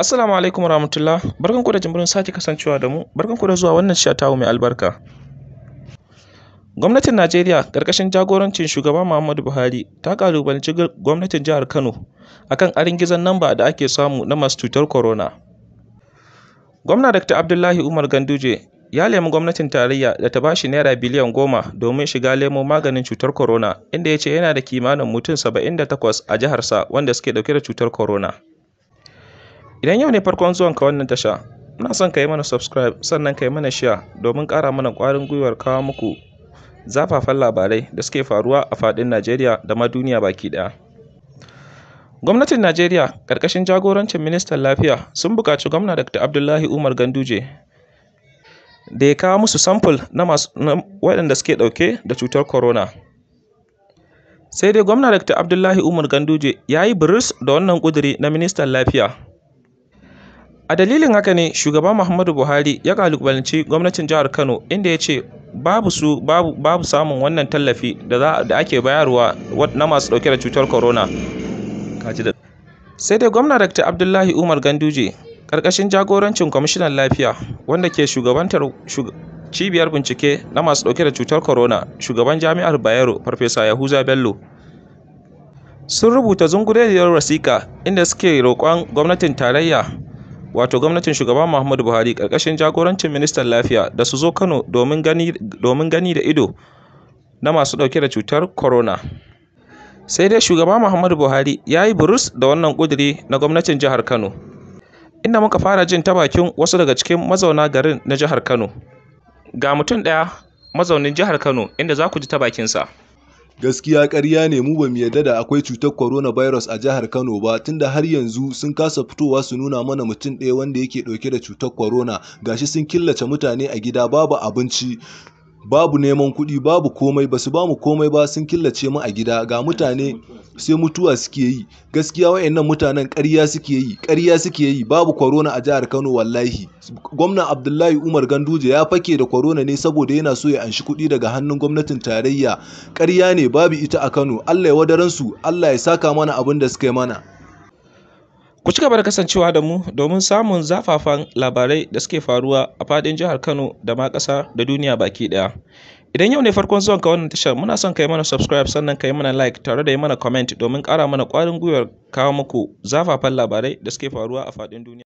Assalamu alaikum warahmatullah. Barkanku da jimbirin sake kasancewa da mu. Barkanku da zuwa wannan shiya tawo mai albarka. Gwamnatin Najeriya karkashin jagorancin shugaba Muhammadu Buhari ta kalubalanci gwamnatin jihar Kano akan arin gizan namba da ake samu na masu cutar corona. Gwamna Dr. Abdullahi Umar Ganduje ya lemi gwamnatin tarayya da ta bashi naira biliyan goma domin shiga lemo maganin cutar corona inda ya ce yana da kimanin mutum 78 a jiharsa wanda suke dauke da cutar corona. Idan yau ne farkon zuwanka wannan tasha, muna son ka yi mana subscribe sannan ka yi mana share domin ƙara mana ƙwarin gwiwar kawo muku zafafan labarai da suke faruwa a faɗin Najeriya da ma duniya baki ɗaya. Gwamnatin Najeriya ƙarƙashin jagorancin Ministan Lafiya sun buƙaci Gwamna Dr. Abdullahi Umar Ganduje da ya kawo musu sample na waɗanda suke ɗauke da cutar corona. Sai dai Gwamna Dr. Abdullahi Umar Ganduje ya yi biris da wannan ƙuduri na Ministan Lafiya. A dalilin haka ne shugaban Muhammadu Buhari ya kalubalance gwamnatin jihar Kano inda ya ce babu su babu, babu samun wannan tallafi da, da ake bayarwa na masu ɗauke da cutar corona. Sai dai gwamna Dr. Abdullahi Umar Ganduje ƙarƙashin jagorancin kwamishinan lafiya wanda ke shugabantar cibiyar bincike na masu ɗauke da cutar corona shugaban jami'ar Bayero Farfesa Yahuza Bello sun rubuta zungureriyar rasika inda suke roƙon gwamnatin tarayya wato gwamnatin shugaba Muhammadu Buhari ƙarƙashin jagorancin ministan lafiya da su zo Kano domin gani da ido na masu ɗauke da cutar corona. Sai dai shugaba Muhammadu Buhari ya yi burus da wannan ƙudiri na gwamnatin jihar Kano, inda muka fara jin ta bakin wasu daga cikin mazauna garin na jihar Kano. Ga mutum ɗaya mazaunin jihar Kano inda za ku ji ta bakinsa. Gaskiya ƙarya ne mu bamu yarda da akwai cutar corona virus a jihar Kano ba tunda har yanzu sun kasa fitowa su nuna mana mutum ɗaya wanda yake ɗauke da cutar corona, gashi sun killace mutane a gida babu abinci. babu neman kuɗi babu komai ba su ba mu komai ba sun killace mu a gida ga mutane sai mutuwa suke yi gaskiya wayannan mutanen ƙarya suke yi ƙarya suke yi babu corona a jihar Kano wallahi gwamna Abdullahi Umar Ganduje ya fake da corona ne saboda yana so ya anshi kuɗi daga hannun gwamnatin tarayya ƙarya ne babu ita a Kano Allah ya wadaran su Allah ya saka mana abin da suka yi mana Ku ci gaba da kasancewa da mu domin samun zafafan labarai da suke faruwa a fadin jihar Kano da ma ƙasa da duniya baki ɗaya. Idan yau ne farkon zuwanka wannan tashar muna son ka yi mana subscribe sannan ka yi mana like tare da yi mana comment domin ƙara mana ƙwarin gwiwar kawo muku zafafan labarai da suke faruwa a fadin duniya.